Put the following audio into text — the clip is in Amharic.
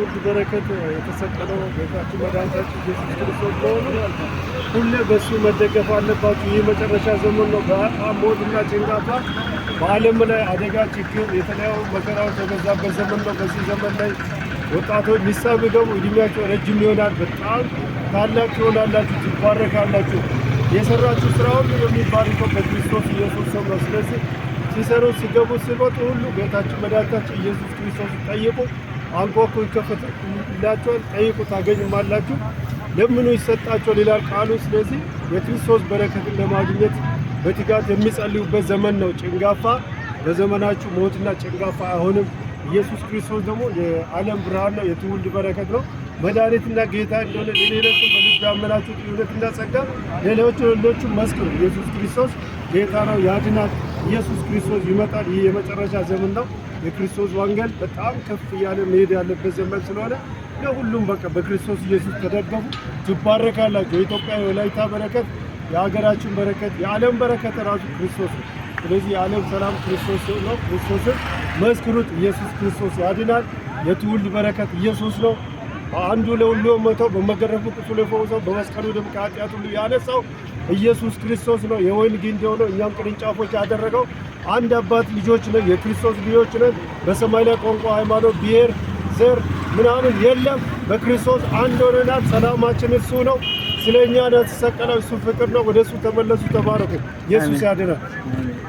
ውድ በረከት የተሰቀለው ጌታችን መድኃኒታችን ኢየሱስ ክርስቶስ በሆኑ ሁሌ በእሱ መደገፍ አለባችሁ። ይህ መጨረሻ ዘመን ነው። በጣም ሞትና ጭንጋፋ በዓለም ላይ አደጋ፣ ችግር፣ የተለያዩ መከራዎች የበዛበት ዘመን ነው። በዚህ ዘመን ላይ ወጣቶች ሊሳብ ገቡ። እድሜያቸው ረጅም ይሆናል። በጣም ታላቅ ይሆናላችሁ፣ ትባረካላችሁ። የሰራችሁ ስራ ሁሉ የሚባርከው በክርስቶስ ኢየሱስ ስም ነው። ስለዚህ ሲሰሩ ሲገቡ፣ ሲወጡ ሁሉ ጌታችን መድኃኒታችን ኢየሱስ ክርስቶስ ጠይቁ። አንኳኩ ይከፈትላቸዋል፣ ጠይቁ ታገኙማላችሁ፣ ለምኑ ይሰጣቸዋል ይላል ቃሉ። ስለዚህ የክርስቶስ በረከትን ለማግኘት በትጋት የሚጸልዩበት ዘመን ነው። ጭንጋፋ በዘመናችሁ ሞትና ጭንጋፋ አይሆንም። ኢየሱስ ክርስቶስ ደግሞ የዓለም ብርሃን ነው፣ የትውልድ በረከት ነው፣ መድኃኒትና ጌታ እንደሆነ ለሌሎች በልጅ ያመናችሁት እውነትና ጸጋ ለሌሎች ለሌሎቹ መስክሩ። ኢየሱስ ክርስቶስ ጌታ ነው ያድናል። ኢየሱስ ክርስቶስ ይመጣል። ይህ የመጨረሻ ዘመን ነው። የክርስቶስ ወንጌል በጣም ከፍ እያለ መሄድ ያለበት ዘመን ስለሆነ ለሁሉም በቃ በክርስቶስ ኢየሱስ ተደገፉ። ትባረካላችሁ። የኢትዮጵያ የወላይታ በረከት፣ የሀገራችን በረከት፣ የዓለም በረከት ራሱ ክርስቶስ ነው። ስለዚህ የዓለም ሰላም ክርስቶስ ነው። ክርስቶስን መስክሩት። ኢየሱስ ክርስቶስ ያድናል። የትውልድ በረከት ኢየሱስ ነው። በአንዱ ለሁሉ መተው በመገረፉ ቁስሉ የፈወሰው በመስቀሉ ደም ከኃጢአት ሁሉ ያነሳው ኢየሱስ ክርስቶስ ነው የወይን ግንድ የሆነው እኛም ቅርንጫፎች ያደረገው አንድ አባት ልጆች ነን፣ የክርስቶስ ልጆች ነን። በሰማይ ላይ ቋንቋ፣ ሃይማኖት፣ ብሔር፣ ዘር ምናምን የለም። በክርስቶስ አንድ ሆነናል። ሰላማችን እሱ ነው። ስለ እኛ ተሰቀለ። እሱ ፍቅር ነው። ወደ እሱ ተመለሱ፣ ተባረኩ። ኢየሱስ ያድናል።